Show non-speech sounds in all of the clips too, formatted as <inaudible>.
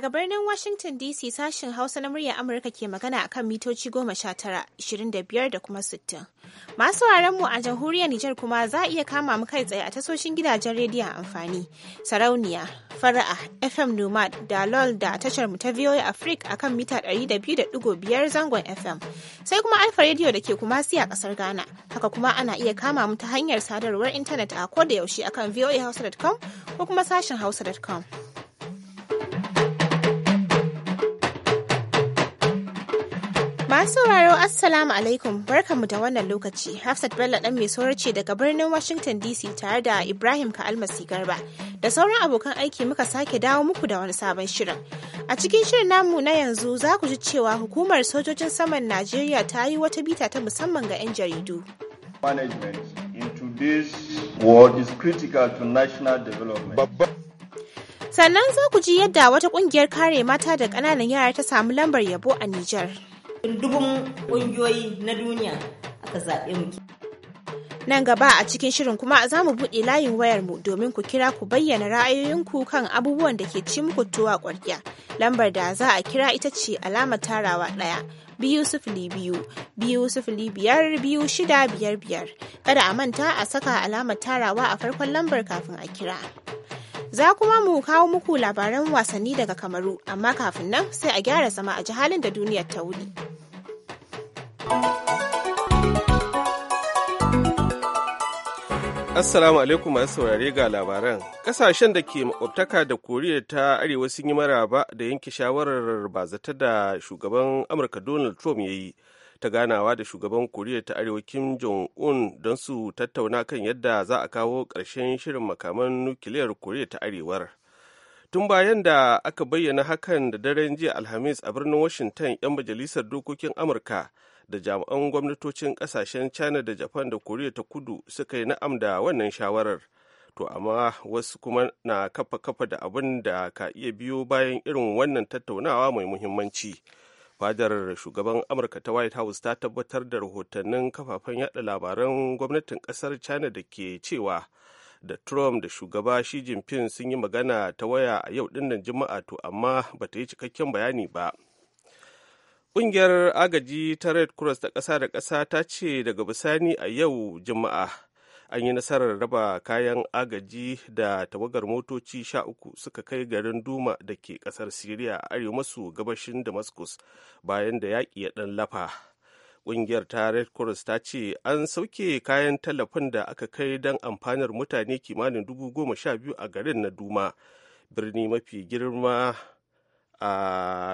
Daga birnin Washington DC sashin Hausa na murya Amurka ke magana a kan mitoci goma sha tara, ishirin da biyar da kuma sittin. Masu mu a jamhuriyar Nijar kuma za a iya kama mu kai tsaye a tasoshin gidajen rediyon amfani, sarauniya, fara'a, FM Nomad, da LOL da tashar mu ta VOA Africa kan mita ɗari da biyu da ɗigo biyar zangon FM. Sai kuma Alfa Radio da ke kuma si a ƙasar Ghana. Haka kuma ana iya kama mu ta hanyar sadarwar intanet a koda yaushe akan voahausa.com ko kuma sashin hausa.com. Masu sauraro Assalamu alaikum barkanmu da wannan lokaci. Hafsat Bello dan mai ce daga birnin Washington DC tare da Ibrahim Ka'almasi Garba da sauran abokan aiki muka sake dawo muku da wani sabon shirin. A cikin shirin namu na yanzu za ku ji cewa hukumar sojojin saman Najeriya ta yi wata bita ta musamman ga 'yan jaridu. Sannan za ku ji yadda wata kungiyar kare mata da ƙananan yara ta samu lambar yabo a Nijar. dubun ƙungiyoyi na duniya aka zaɓe mu. Nan gaba a cikin shirin kuma za mu buɗe layin wayarmu domin ku kira ku bayyana ra'ayoyinku kan abubuwan da ke ci muku tuwa ƙwarya. Lambar da za a kira ita ce alama tarawa ɗaya biyu sifili biyu biyu sifili biyar biyu shida biyar biyar. Kada a manta a saka alamar tarawa a farkon lambar kafin a kira. Za kuma mu kawo muku labaran wasanni daga Kamaru, amma kafin nan sai a gyara zama a ji halin da duniyar ta wuni. Assalamu alaikum masu saurare ga labaran. Kasashen da ke makwabtaka da Koriya ta Arewa sun yi maraba da yanke shawarar bazata da shugaban Amurka Donald Trump ya yi ta ganawa da shugaban koriya ta arewa kim jong-un don su tattauna kan yadda za a kawo ƙarshen shirin makaman nukiliyar koriya ta arewar tun bayan da aka bayyana hakan da daren jiya alhamis a birnin washington 'yan majalisar dokokin amurka da jami'an gwamnatocin kasashen china da japan da koriya ta kudu suka yi na'am da wannan shawarar to amma wasu kuma na kafa kafa da abin da ka iya biyo bayan irin wannan tattaunawa mai muhimmanci. fadar shugaban amurka ta white house ta tabbatar da rahotannin kafafen yada labaran gwamnatin kasar china da ke cewa da trump da shugaba shi jinping sun yi magana ta waya a yau dinnan juma'a to amma ta yi cikakken bayani ba ƙungiyar agaji ta red cross ta ƙasa da ƙasa ta ce daga bisani a yau juma'a an yi nasarar raba kayan agaji da tawagar motoci sha uku suka kai garin duma da ke kasar siriya a arewa maso gabashin damascus bayan da yaƙi ya ɗan lafa ƙungiyar ta red cross ta ce an sauke kayan tallafin da aka kai don amfanar mutane kimanin dubu goma sha biyu a garin na duma birni mafi girma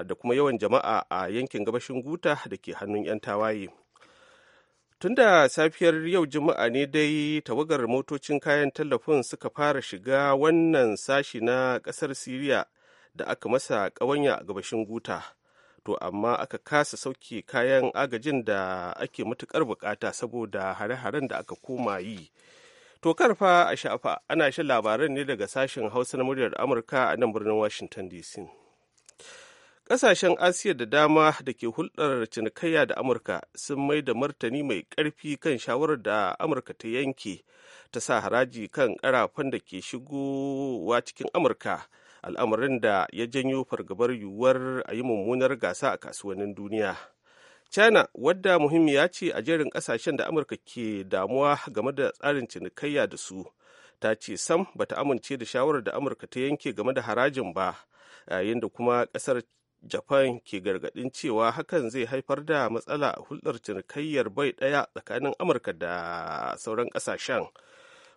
da kuma yawan jama'a a yankin gabashin guta da ke hannun 'yan tawaye. tunda safiyar yau Juma'a ne dai tawagar motocin kayan tallafin suka fara shiga wannan sashi na ƙasar Siriya da aka masa ƙawanya a gabashin Guta. To amma aka kasa sauke kayan agajin da ake matukar bukata saboda hare-haren da aka koma yi. To karfa a sha'afa ana shan labaran ne daga sashen Hausa na muryar Amurka a nan birnin Washington DC. Ƙasashen Asiya da dama da ke hulɗar cinikayya da Amurka sun mai da martani mai ƙarfi kan shawarar da Amurka ta yanke ta sa haraji kan ƙarafan da ke shigowa cikin Amurka, al'amarin da ya janyo fargabar yiwuwar a yi mummunar gasa a kasuwannin duniya. China, wadda muhimmiya ce a jerin ƙasashen da Amurka ke damuwa game da tsarin cinikayya da su, ta ce sam bata amince da shawarar da Amurka ta yanke game da harajin ba, yayin da kuma ƙasar japan ke gargadin cewa hakan zai haifar da matsala a hulɗar cinikayyar bai ɗaya tsakanin amurka da sauran ƙasashen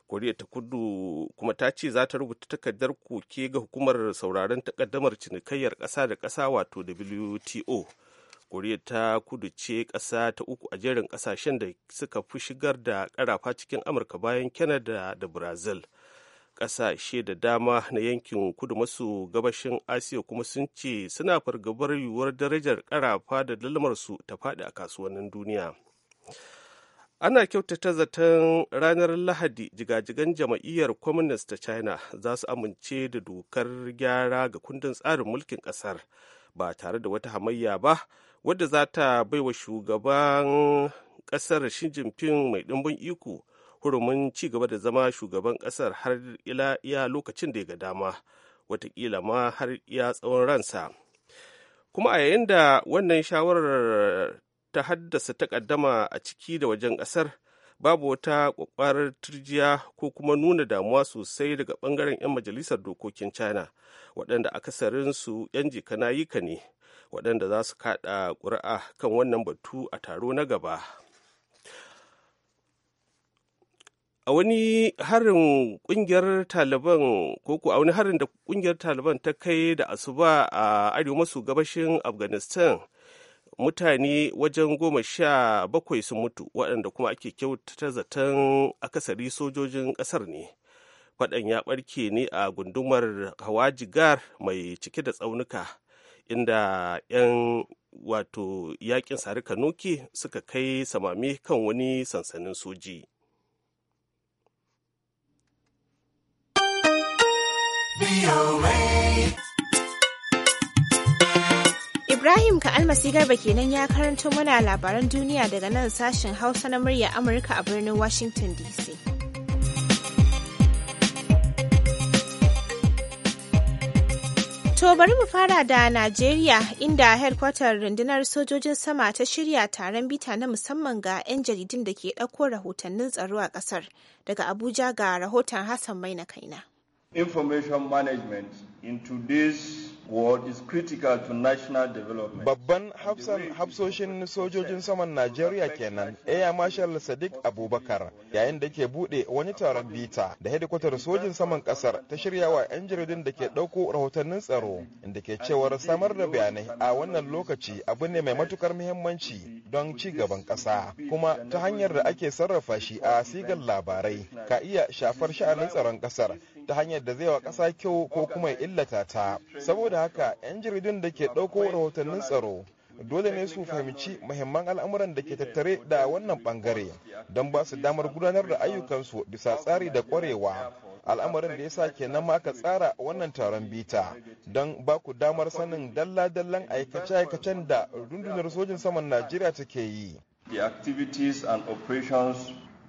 koriya ta kudu kuma ta ce za ta rubuta takardar koke ga hukumar sauraron takaddamar cinikayyar ƙasa da ƙasa wato wto koriya ta kudu ce ƙasa ta uku a jerin ƙasashen da suka fi shigar da ƙarafa cikin amurka bayan canada da brazil ƙasashe da dama na yankin kudu maso gabashin asiya kuma sun ce suna fargabar yiwuwar darajar karafa da dalmarsu ta faɗi a kasuwannin duniya ana kyautata zaton ranar lahadi jigajigan jama'iyyar communist ta china za su amince da dokar gyara ga kundin tsarin mulkin ƙasar ba tare da wata hamayya ba wadda za ta baiwa shugaban ƙasar shi jinping mai dimbin iko hurumin ci gaba da zama shugaban ƙasar har ila iya lokacin da ya ga dama watakila ma har ya tsawon ransa kuma a yayin da wannan shawarar ta haddasa takaddama a ciki da wajen ƙasar babu wata kwakwarar turjiya ko kuma nuna damuwa sosai daga bangaren 'yan majalisar dokokin china waɗanda akasarinsu 'yan ka ne waɗanda za su kaɗa ƙuri'a kan wannan batu a taro na gaba a wani harin kungiyar taliban ko a wani harin da kungiyar taliban ta kai da asuba a arewa maso gabashin afghanistan mutane wajen goma sha bakwai sun mutu waɗanda kuma ake kyautata zaton akasari sojojin ƙasar ne faɗan ya ɓarke ne a gundumar hawajigar mai cike da tsaunuka inda 'yan wato yakin sarika noki suka kai samami kan wani sansanin soji Ibrahim Ka'almasi Garba kenan ya karanto mana labaran duniya daga nan sashen Hausa na murya Amurka a birnin Washington DC. To bari mu fara da Najeriya inda Headquarter rundunar sojojin sama ta shirya taron bita na musamman ga 'yan jaridun da ke ɗauko rahotannin tsaro a ƙasar daga Abuja ga rahoton Hassan Maina Kaina. Information management in today's world is critical to national development. Babban hafsan hafsoshin sojojin saman Najeriya kenan Air Marshal Sadiq Abubakar yayin da ke bude wani taron bita da hedikwatar sojin saman kasar ta shirya wa 'yan jaridun da ke ɗauko rahotannin tsaro inda ke cewar samar da bayanai a wannan lokaci abu ne mai matukar muhimmanci don ci gaban ƙasa kuma ta hanyar da ake sarrafa shi a sigar labarai ka iya shafar sha'anin tsaron ƙasar ta hanyar da zai wa kasa kyau ko kuma ya illata ta saboda haka 'yan jaridun da ke ɗauko rahotannin tsaro dole ne su fahimci mahimman al'amuran da ke tattare da wannan bangare don ba su damar gudanar da ayyukansu bisa tsari da kwarewa al'amarin da ya sa kenan ma aka tsara wannan taron bita don ba ku damar sanin dalla-dallan aikace-aikacen da rundunar sojin saman najeriya take yi the activities and operations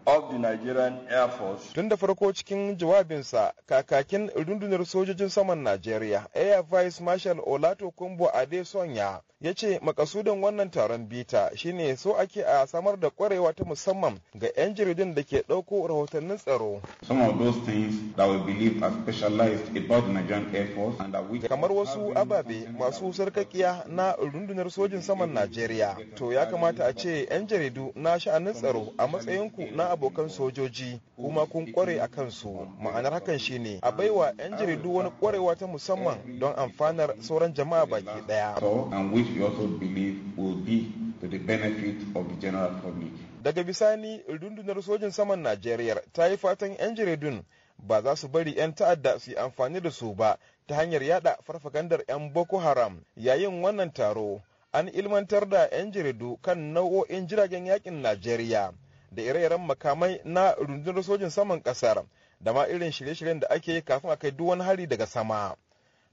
of the Nigerian Air Force. Tun da farko cikin jawabinsa, kakakin rundunar sojojin saman Najeriya, Air Vice Marshal Olato Kumbo Adesonya, ya ce makasudin wannan taron bita shine so ake a samar da kwarewa ta musamman ga 'yan jaridun da ke ɗauko rahotannin tsaro. Kamar wasu ababe masu sarkakiya na rundunar sojin saman Najeriya, to ya kamata a ce 'yan jaridu na sha'anin tsaro a matsayinku na abokan sojoji kuma kun kware a kansu ma'anar hakan shine a baiwa 'yan jaridu wani kwarewa ta musamman don amfanar sauran jama'a baki daya Daga bisani rundunar sojin saman Najeriya ta yi fatan 'yan jaridun ba za su bari 'yan ta'adda su yi amfani da su ba ta hanyar yada farfagandar 'yan Boko Haram yayin wannan taro an ilmantar da 'yan jaridu kan nau'o'in jiragen yakin Najeriya. da ire-iren makamai na rundunar sojin saman kasar da ma irin shirye-shiryen da ake yi kafin a kai duk wani hari daga sama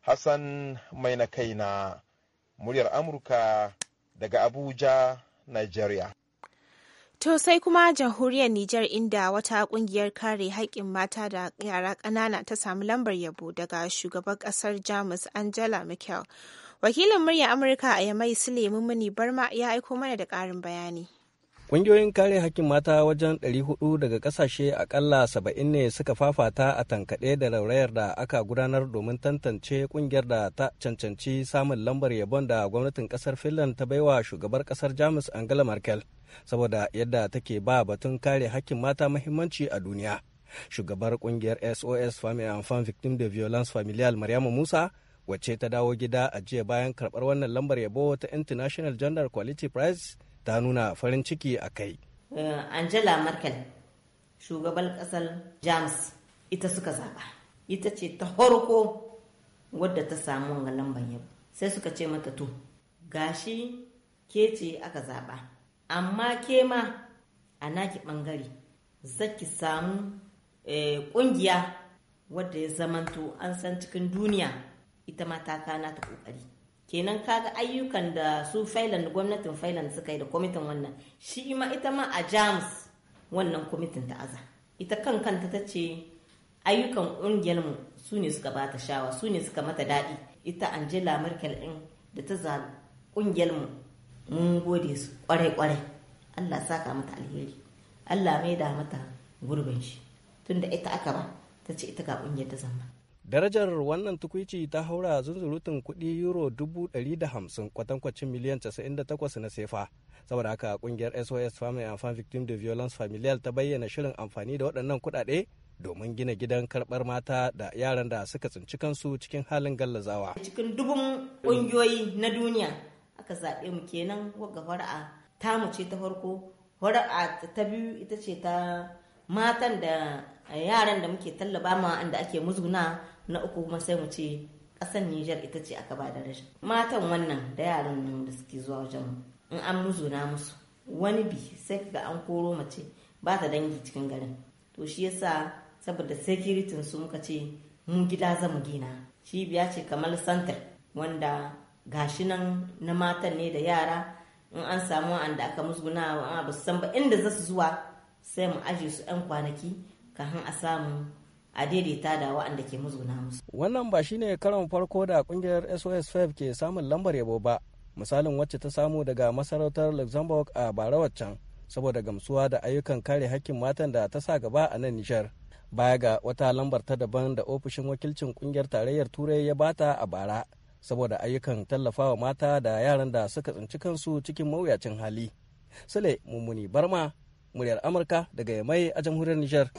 hassan mai na kaina muryar amurka daga abuja nigeria To sai kuma jamhuriyar Nijar inda wata kungiyar kare haƙƙin mata da yara ƙanana ta samu lambar yabo daga shugaban ƙasar Jamus Angela Merkel. Wakilin murya Amurka a Yamai Sule Mumuni Barma ya aiko mana da ƙarin bayani. Ƙungiyoyin kare hakkin mata wajen 400 daga ƙasashe akalla 70 ne suka fafata a tankaɗe da raurayar da aka gudanar domin tantance ƙungiyar da ta cancanci samun lambar yabon da gwamnatin ƙasar Finland ta baiwa shugabar ƙasar Jamus Angela Merkel saboda yadda take ba batun kare hakkin mata muhimmanci a duniya. Shugabar ƙungiyar SOS Family and Fan Victim de Violence Familial Maryama Musa wacce ta dawo gida a jiya bayan karɓar wannan lambar yabo ta International Gender Quality Prize ta nuna farin ciki a kai. Eh, Angela Merkel, shugaban ƙasar jams ita suka zaɓa. Ita ce ta horko wadda ta samu wanga lamban yabo. Sai suka ce mata to, gashi ke ce aka zaɓa. Amma ke ma a naki ɓangare, zaki samu eh, ƙungiya wadda ya zamanto an san cikin duniya ita ma ta kana ta ƙoƙari. kenan kaga ayyukan da su failan da gwamnatin failan suka yi da kwamitin wannan shi ma ita ma a jams wannan kwamitin ta aza ita kan kanta ta ce ayyukan mu su ne suka bata shawa su ne suka mata daɗi ita angela merkel din da ta za mu mun gode su ƙwarai ƙwarai allah saka mata alheri allah mai da mata gurbin shi tunda ita aka ba ta ce ita ga ƙungiyar ta zama Darajar wannan tukwici ta haura zunzurutun kuɗi euro 150 kwatankwacin miliyan 98 na sefa. Saboda haka kungiyar SOS Family and Fan Victim de Violence Familial ta bayyana shirin amfani da waɗannan kuɗaɗe domin gina gidan karɓar mata da yaran da suka tsinci kansu cikin halin gallazawa. Cikin dubun ƙungiyoyi na duniya aka zaɓe mu kenan waga fara'a ta ce ta farko fara'a ta biyu ita ce ta matan da yaran da muke tallaba ma da ake muzuna na uku kuma sai mu ce ƙasar Nijar ita ce aka ba da rashin matan wannan da yaran nan da suke zuwa wajen in an muzuna musu wani bi sai ga an koro mace ba ta dangi cikin garin to shi yasa saboda sekiritin su muka ce mun gida za mu gina cibiya ce kamar santar wanda gashi nan na matan ne da yara in an samu da aka musguna ba su san ba inda za su zuwa sai mu aje su 'yan kwanaki kafin a samu a daidaita da waɗanda ke muzguna musu. Wannan ba shine karon farko da kungiyar SOS 5 ke samun lambar yabo ba. Misalin wacce ta samu daga masarautar Luxembourg a bara waccan saboda gamsuwa da ayyukan kare hakkin matan da ta sa gaba a nan Nijar. Baya ga wata lambar ta daban da ofishin wakilcin kungiyar tarayyar Turai ya bata a bara saboda ayyukan tallafawa mata da yaran da suka tsinci kansu cikin mawuyacin hali. Sule Mummuni Barma, muryar Amurka daga Yamai a jamhuriyar Nijar.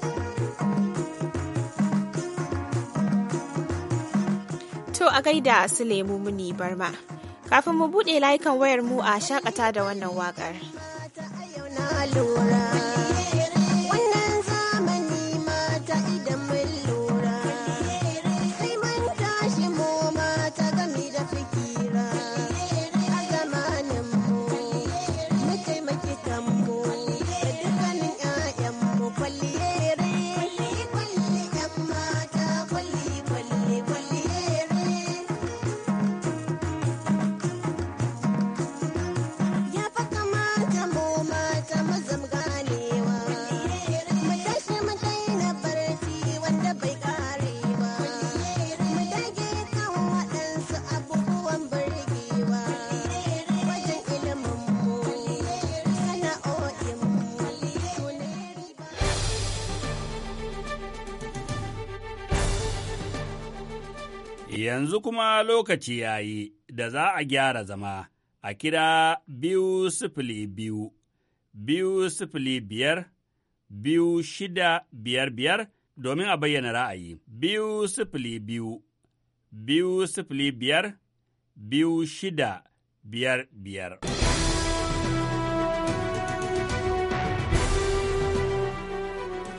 a gaida su lemu muni barma. Kafin mu buɗe layukan wayar mu a shakata da wannan waƙar. yanzu kuma lokaci ya yi da za a gyara zama a kira biyu sifili biyu, biyu sifili biyar, biyu shida biyar biyar domin a bayyana ra'ayi, biyu sifili biyu, biyu sifili biyar, biyu shida biyar biyar.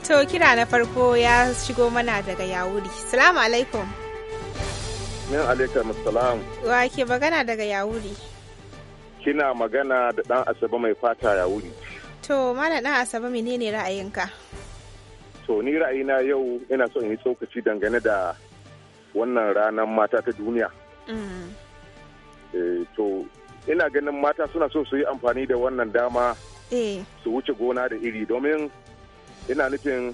To kira na farko ya shigo mana daga yawuri. Salamu alaikum. Min alaikum salam. Wa ke magana daga Yawuri? Kina magana da ɗan Asabe mai fata Yawuri. To, mana ɗan Asabe menene ra'ayinka? To, ni ra'ayina yau ina so in yi tsokaci dangane da wannan ranar mata ta duniya. Mm. Eh, to, ina ganin mata suna so su yi amfani da wannan dama eh. su wuce gona da iri domin ina nufin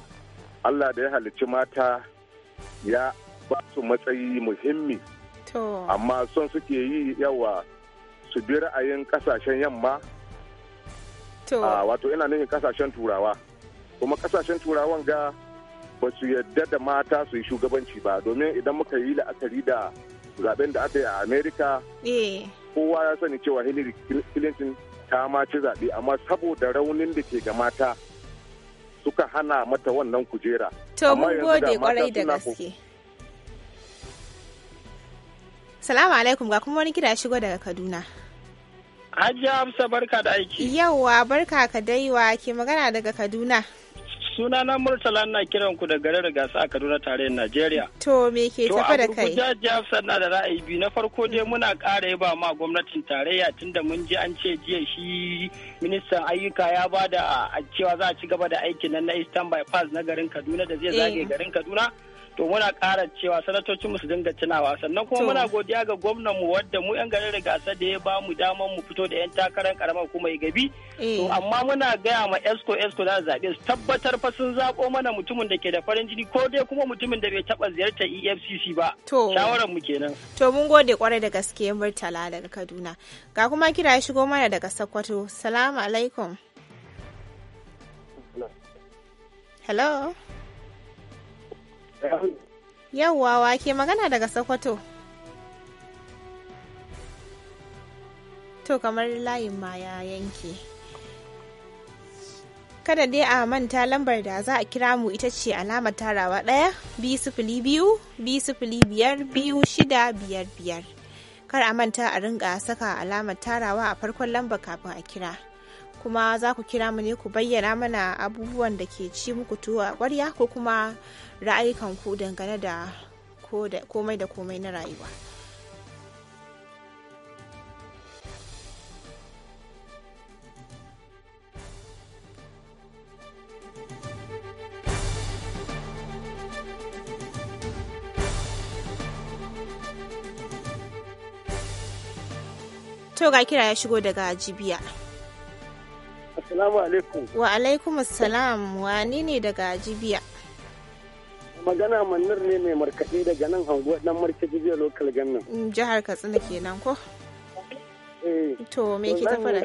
Allah da ya halicci mata ya ba su matsayi muhimmi amma son suke yi yawa su bi ra'ayin kasashen yamma ah, wato ina nufin kasashen turawa kuma kasashen turawan ga ba su yadda da mata su yi shugabanci ba domin idan muka yi la'akari da zaben da aka yi a america eh. kowa ya sani cewa hillary clinton ta mace zaɓe amma saboda raunin da ke ga mata suka hana mata wannan kujera. To mun gode kwarai da gaske. Salamu alaikum ga kuma wani gida shigo daga Kaduna. hajji Hafsa barka da aiki. Yawwa barka ka daiwa ke magana daga Kaduna. Suna na Murtala na kiran ku da garin gasa a Kaduna tarayyar Najeriya. To me ke tafa da kai? To a Hajiya Hafsa na da ra'ayi biyu na farko dai muna ƙara yaba ma gwamnatin tarayya tunda mun ji an ce jiya shi ministan ayyuka ya ba da cewa za a ci gaba da aikin nan na Eastern bypass na garin Kaduna da zai zage eh. garin Kaduna. to muna ƙara cewa sanatocin su dinga tunawa sannan kuma muna godiya ga gwamnan mu wadda mu yan garin rigasa da ya ba mu mu fito da yan takarar karamar kuma gabi to eh. amma muna gaya ma esco esco za zaɓe su tabbatar fa sun zaɓo mana mutumin da ke da farin jini ko dai kuma mutumin da bai taɓa ziyartar EFCC ba to shawaran mu kenan to mun gode kwarai da gaske Murtala daga Kaduna ga kuma kira ya shigo mana daga Sokoto salamu alaikum hello Yawwa wa ke magana daga Sokoto. To kamar layin ma ya yanke. Kada dai a manta lambar da za a kira mu ita ce alamar tarawa ɗaya biyu sifili biyu biyu sifili biyar biyu shida biyar biyar. Kar a manta a rinka saka alamar tarawa a farkon lambar kafin a kira. kuma za ku kira mu ne ku bayyana mana abubuwan da ke ci muku tuwa kwarya ko kuma ku dangane da komai da komai na rayuwa. To ga kira ya shigo daga Jibiya. Assalamu alaikum. Wa alaikum assalam. Wani ne daga Jibiya? magana manar ne mai markaɗe daga nan hanguwa dan marke jiya lokal gannan. Mm, jihar Katsina kenan ko? Eh. To me ke ta fara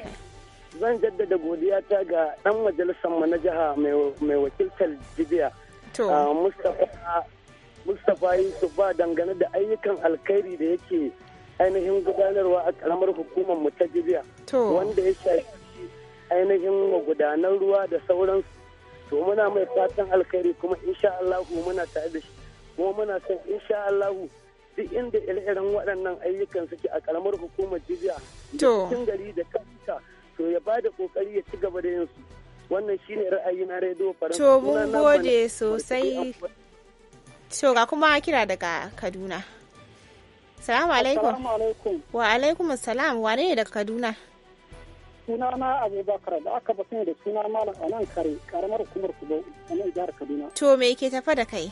Zan jaddada godiya ta ga ɗan majalisar mu na jiha mai wakiltar jibiya. To. Ah, Mustapha Mustapha Yusuf ba dangane da ayyukan alkhairi da yake ainihin gudanarwa a karamar hukumar mu ta jibiya. Wanda ya shafi ainihin magudanar ruwa da sauransu. to muna mai fatan alkhairi kuma insha Allah muna tare da shi kuma muna son insha Allah duk inda ire waɗannan ayyukan suke a karamar hukumar jibiya to cikin gari da kanta to ya bada kokari ya ci gaba da yin su wannan shine ra'ayi na radio faransa to mun gode sosai to ga kuma kira daga Kaduna salamu alaikum wa alaikum salam wane ne daga Kaduna suna na abubakar da aka fi da suna malam a nan kare karamar hukumar kubo a nan jihar kaduna to me ke tafa da kai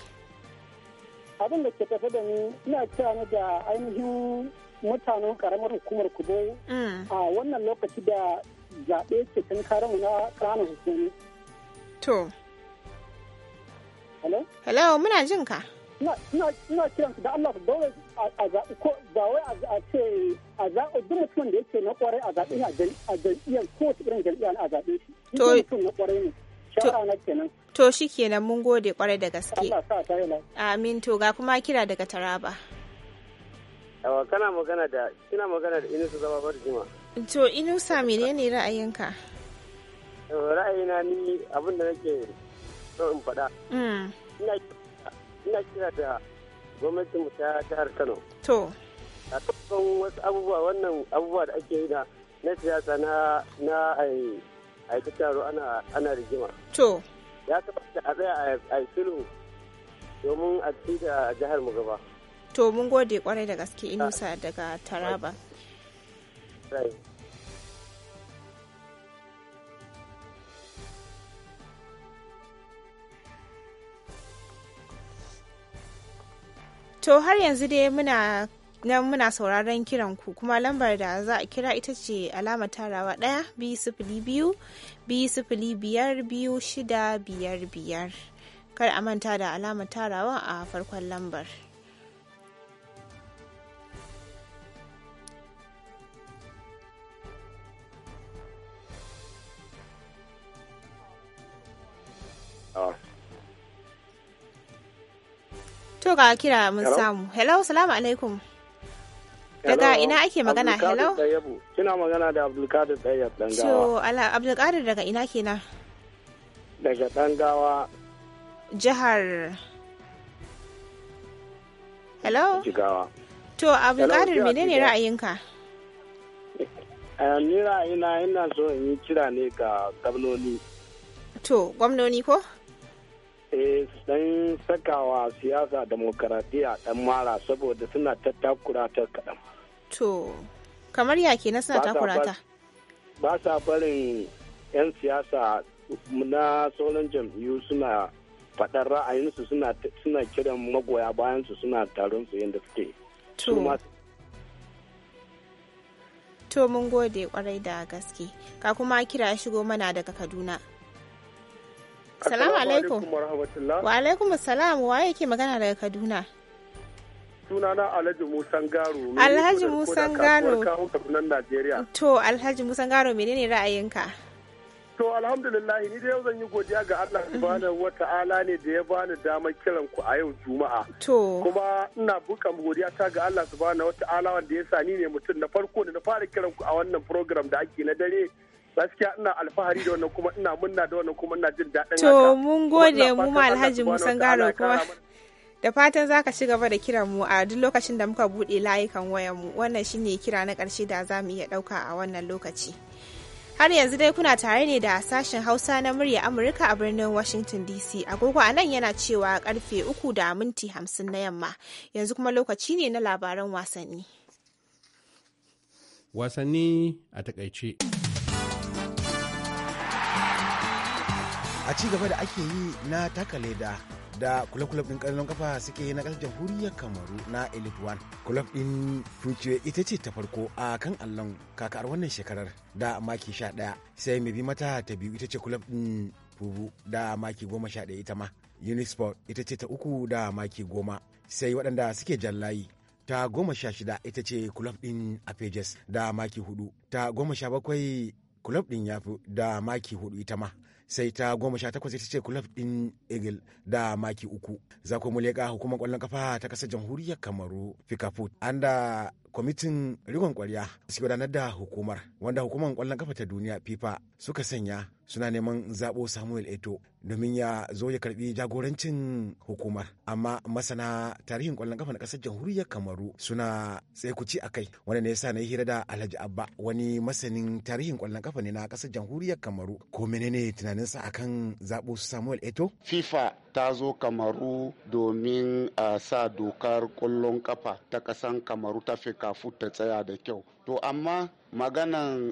abin da ke tafa da ni ina cewa ne da ainihin mutanen karamar hukumar kubo mm. a wannan lokaci da zaɓe ke tun karamu na ƙananan hukumi to hello hello muna jin ka ina kiran da allah su ba wai mutumin da yake na a a jam'iyyar a zaɓe shi. To mutum mun gode kwarai da gaske. Amin to ga kuma kira daga Taraba. Yawa kana magana da kina magana da Inusa zama Barjima. To Inusa menene ra'ayinka? Ra'ayina ni abin da nake so in faɗa. Mm. Ina kira da gwamnatin ta jihar Kano. To. A kan wasu abubuwa wannan abubuwa da ake yi na na siyasa na na aiki taro ana ana rigima. To. Ya tabbata a tsaya a filo domin a ci da jihar mu gaba. To mun gode kwarai da gaske Inusa daga Taraba. To har yanzu dai muna nan muna sauraron kiran ku kuma lambar da za a kira ita ce alama tarawa ɗaya biyu sifili biyu biyu sifili biyar biyu shida biyar biyar kar a manta da alama tarawa a farkon lambar. to ga kira mun samu hello salamu alaikum daga ina ake magana hello kina magana da abdulkadir tayyab dangawa to ala abdulkadir daga ina kenan daga dangawa jihar hello jigawa to abdulkadir menene ra'ayinka <laughs> eh, ni ra'ayina ina so in yi kira ne ga gwamnoni to gwamnoni ko eh su dan sakawa siyasa demokaradiyya dan mara saboda suna ta takura ta kaɗan. To, kamar ya na suna takura ta? Ba sa barin 'yan siyasa na sauran jam'iyyu suna faɗar ra'ayinsu suna kiran magoya bayansu suna taron su yadda suke. To, mun gode kwarai da gaske, ka kuma kira shigo mana daga Kaduna. Salamu alaikum. Wa alaikum salam wa yake magana daga Kaduna. Sunana Alhaji Musan Garo. Alhaji Musan Garo. To Alhaji Musan Garo menene ra'ayinka? To alhamdulillah ni dai yau zan yi godiya ga Allah mm-hmm. subhanahu wa ta'ala ne da ya bani damar kiran ku a yau Juma'a. To. Kuma ina bukan godiya ta ga Allah subhanahu wa ta'ala wanda ya sani ne mutum na farko da na fara kiran ku a wannan program da ake na dare gaskiya ina alfahari da wannan kuma ina munna da wannan kuma ina jin daɗin to mun gode mu ma alhaji musan garo kuma <laughs> da fatan za ka ci gaba da kiran mu a duk lokacin da muka buɗe layukan wayan mu wannan shine kira na ƙarshe da za mu iya ɗauka a wannan lokaci har yanzu dai kuna tare ne da sashen hausa na murya amurka a birnin washington dc agogo a nan yana cewa karfe uku da minti hamsin na yamma yanzu kuma lokaci ne na labaran wasanni wasanni a takaice a ci gaba da ake yi na taka leda da kula din ɗin kafa suke yi na ƙasar jamhuriyar kamaru na elite one kulab din fuce ita ce ta farko a kan allon kakar wannan shekarar da maki sha ɗaya sai mai bi mata ta biyu ita ce kulab din fubu da maki goma sha ɗaya ita ma unisport ita ce ta uku da maki goma sai waɗanda suke jallayi ta goma sha shida ita ce kulab din apejes da maki hudu ta goma sha bakwai kulab din yafi da maki hudu ita ma sai ta goma sha takwas ita ce kulaf ɗin eagle da maki uku za ku mu leƙa hukumar ƙwallon kafa ta ƙasar jamhuriyar kamaru fikafut an da kwamitin rigon kwarya su gudanar da hukumar wanda hukumar kwallon kafa ta duniya fifa suka sanya suna neman zaɓo samuel eto domin ya zo ya karbi jagorancin hukumar amma masana tarihin kwallon kafa na ƙasar jamhuriyar kamaru suna tsaikuci a kai wanda ne yasa na yi hira da alhaji abba wani masanin tarihin kwallon kafa ne na kasar jamhuriyar kamaru ko menene tunaninsa akan zaɓo samuel eto fifa ta zo kamaru domin a sa dokar kwallon kafa ta kasan kamaru ta fi kafu ta tsaya da kyau to amma maganan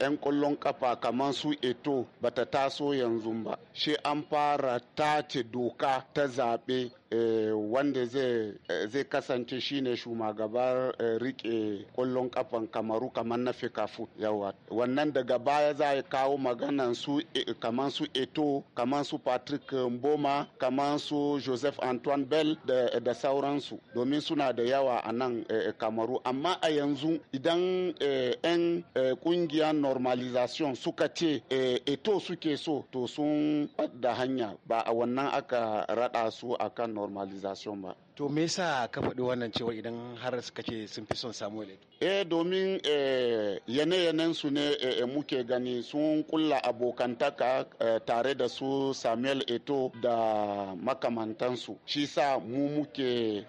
'yan eh, kullon kafa kamar su eto bata taso yanzu ba shi an fara tace doka ta zaɓe Eh, wanda eh, zai kasance shine shugaban eh, rike kullon kafan kamaru kamar na fikafu yawa wannan daga baya za a kawo maganan su kamar su eto kamar su patrick mboma kamar su joseph antoine bell da sauransu domin suna da yawa a nan kamaru amma a yanzu idan 'yan kungiyar normalization suka ce eto suke so to sun da hanya ba a wannan aka rada su akan normalization ba to me yasa ka faɗi wannan cewa idan har suka ce sun fi son samu eh domin eh, yane su ne eh, eh, muke gani sun kulla abokantaka tare da su samuel eto da makamantansu shi sa mu muke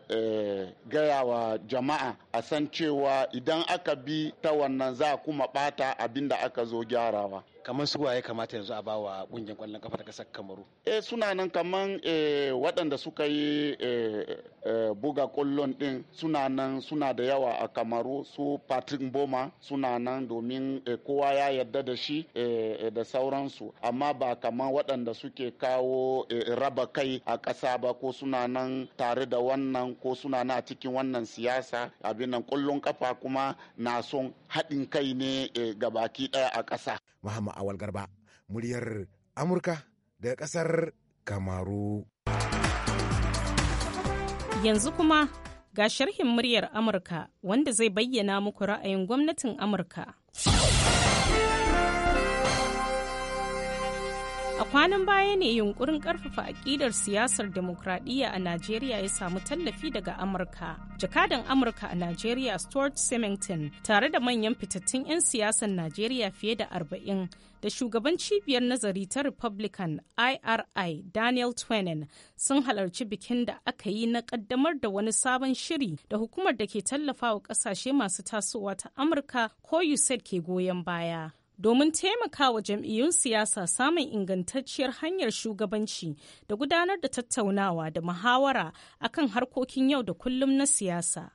gayawa jama'a a san cewa idan aka bi ta wannan za kuma bata abin da aka zo gyarawa kamar su waye kamata yanzu a bawa kungiyar kwallon kafa ta kasar kamaru eh suna nan kamar eh, waɗanda suka yi eh, eh, buga kwallon din suna nan suna da yawa a kamaru su patrick boma suna nan domin kowa ya yarda da shi da sauransu amma ba kaman waɗanda suke kawo raba kai a ƙasa ba ko suna nan tare da wannan ko suna na cikin wannan siyasa abin nan kwallon kafa kuma na son haɗin kai ne gabaki ɗaya a ƙasa Muhammad Awal Garba, muryar Amurka daga ƙasar Kamaru. Yanzu kuma ga sharhin muryar Amurka wanda zai bayyana muku ra'ayin gwamnatin Amurka. A kwanan baya ne yunkurin karfafa akidar siyasar demokradiyya a Najeriya ya samu tallafi daga Amurka. Jakadan Amurka a Najeriya Stuart Simington tare da manyan fitattun 'yan siyasar Najeriya fiye da arba'in. da shugaban cibiyar nazari ta republican iri daniel twenin sun halarci bikin da aka yi na ƙaddamar da wani sabon shiri da hukumar da ke tallafawa ƙasashe masu tasowa ta amurka ko usaid ke goyon baya domin taimaka wa jam'iyyun siyasa samun ingantacciyar hanyar shugabanci da gudanar da tattaunawa da muhawara akan harkokin yau da kullum na siyasa.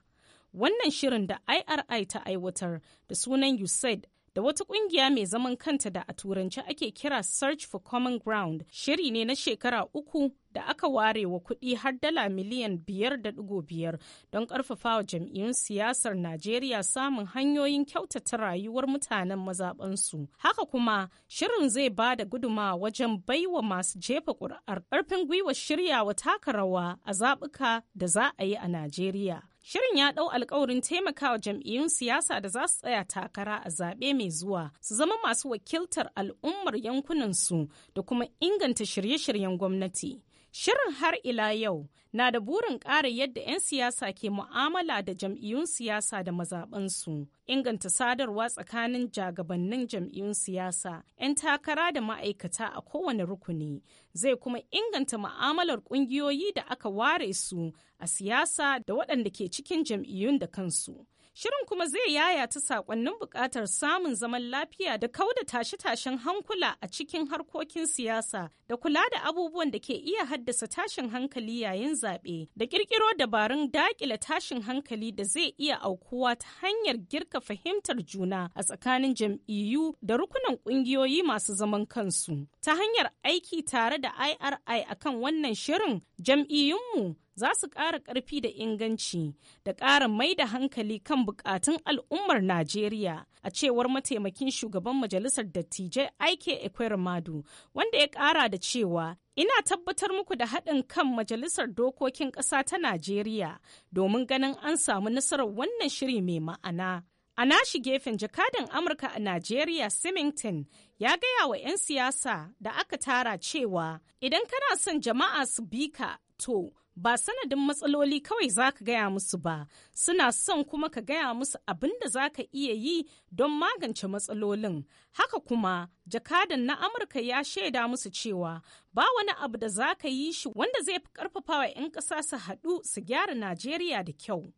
Wannan shirin da IRI ta aiwatar da sunan USAID da wata kungiya mai zaman kanta da a turanci ake kira Search for Common Ground shiri ne na shekara uku da aka ware wa kuɗi har dala miliyan biyar da biyar don ƙarfafawa jam'iyyun siyasar Najeriya samun hanyoyin kyautata rayuwar mutanen mazaɓansu. Haka kuma shirin zai ba da guduma wajen baiwa masu jefa ƙuri'ar ƙarfin gwiwa shiryawa taka rawa a zaɓuka da za a yi a Najeriya. Shirin ya ɗau alkawarin taimakawa jam'iyyun siyasa da za su tsaya takara a zaɓe mai zuwa su zama masu wakiltar al'ummar yankunansu da kuma inganta shirye-shiryen gwamnati. Shirin har ila yau na da burin ƙara yadda 'yan siyasa ke mu'amala da jam'iyyun siyasa da mazaɓansu, inganta sadarwa tsakanin jagabannin jam'iyyun siyasa, 'yan takara da ma'aikata a kowane rukuni, zai kuma inganta mu'amalar ƙungiyoyi da aka ware su a siyasa da waɗanda ke cikin jam'iyyun da kansu. Shirin kuma zai yayata saƙonnin buƙatar samun zaman lafiya da kauda tashe-tashen hankula a cikin harkokin siyasa da kula da abubuwan da ke iya haddasa tashin hankali yayin zaɓe da ƙirƙiro dabarun daƙile tashin hankali da zai iya aukuwa ta hanyar girka fahimtar juna a tsakanin jam'iyyu da rukunan ƙungiyoyi masu zaman kansu. Ta hanyar aiki tare da IRI akan wannan shirin jam'iyyunmu za su ƙara ƙarfi da inganci da ƙara mai da hankali kan buƙatun al'ummar Najeriya a cewar mataimakin shugaban majalisar dattijai Aike Ekweremadu wanda ya ƙara da cewa ina tabbatar muku da haɗin kan majalisar dokokin ƙasa ta Najeriya domin ganin an samu nasarar wannan shiri mai ma'ana. A nashi gefen jakadan Amurka a Najeriya Simington ya gaya wa 'yan siyasa da aka tara cewa idan kana son jama'a su bi ka to ba sanadin matsaloli kawai za ka gaya musu ba suna son kuma ka gaya musu abin da za ka iya yi don magance matsalolin haka kuma jakadan na amurka ya shaida musu cewa ba wani abu da za ka yi shi wanda zai fi wa 'yan ƙasa su haɗu su gyara najeriya da kyau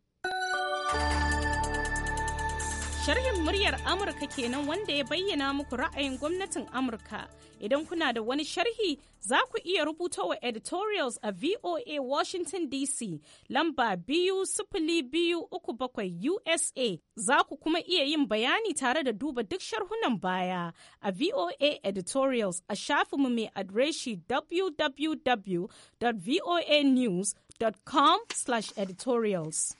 Sharhin muryar Amurka kenan wanda ya bayyana muku ra'ayin gwamnatin Amurka. Idan kuna da wani sharhi za ku iya rubuta wa editorials a VOA Washington DC lamba biyu sifili biyu uku bakwai USA za ku kuma iya yin bayani tare da duba duk sharhunan baya a VOA editorials a shafinmu mai adireshi www.voanews.com/editorials.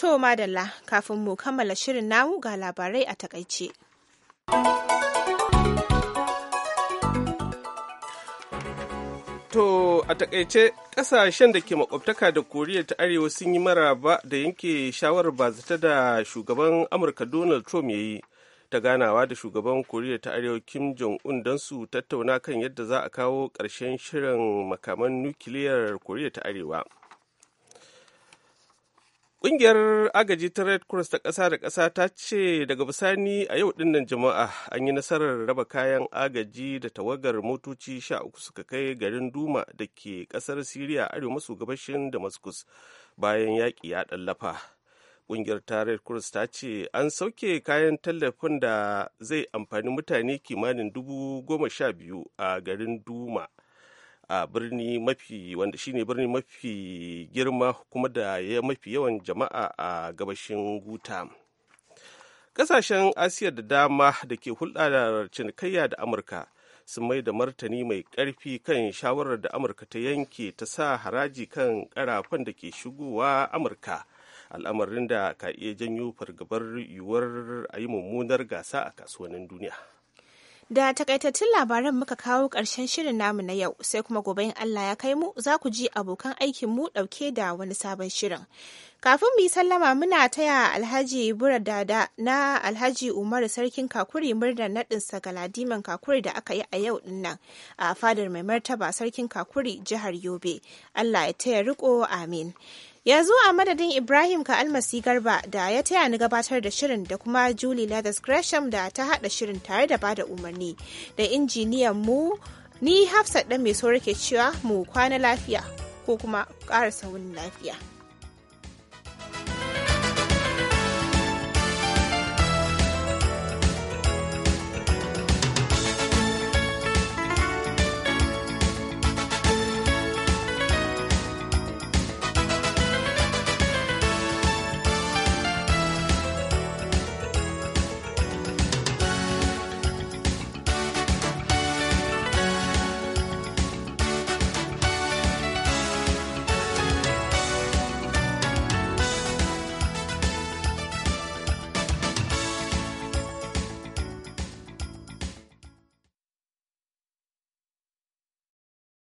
To madalla kafin mu kammala shirin namu ga labarai a takaice. To a takaice ƙasashen da ke makwabtaka da Koriya ta Arewa sun yi maraba da yanke shawarar bazata da shugaban Amurka Donald Trump ya yi ta ganawa da shugaban Koriya ta Arewa Kim Jong-un don su tattauna kan yadda za a kawo ƙarshen shirin makaman nukiliyar Koriya ta Arewa. Ƙungiyar agaji ta Red Cross ta ƙasa da ƙasa ta ce daga bisani a yau dinnan jama'a an yi nasarar raba kayan agaji da tawagar motoci sha uku suka kai garin Duma da ke ƙasar Siriya arewa maso gabashin Damascus bayan yaƙi ya ɗallafa. Ƙungiyar ta Red Cross ta ce an sauke kayan tallafin da zai amfani mutane kimanin dubu goma sha biyu a garin Duma a birni mafi wanda shine birni mafi girma kuma da ya mafi yawan jama'a a gabashin guta kasashen asiya da dama da ke hulɗa da cinikayya da amurka sun mai da martani mai ƙarfi kan shawarar da amurka ta yanke ta sa haraji kan ƙarafan da ke shigowa amurka al'amarin da ka iya janyo fargabar yiwuwar a yi mummunar gasa a kasuwannin duniya Da takaitattun labaran muka kawo ƙarshen shirin namu na yau sai kuma gobe in Allah ya kai mu za ku ji abokan aikin mu ɗauke da wani sabon shirin. Kafin mu yi sallama muna taya Alhaji Bura Dada na Alhaji Umar Sarkin Kakuri murnar naɗin Sagaladiman Kakuri da aka yi a yau din nan a fadar mai martaba Sarkin Kakuri jihar Yobe. Allah ya taya riko amin. yanzu a madadin ibrahim ka almasi garba da ya taya ni gabatar da shirin da kuma julie lathers gresham da ta hada shirin tare da bada umarni da injiniyan mu ni hafsat dan mai so rike cewa mu kwana lafiya ko kuma ƙara saurin lafiya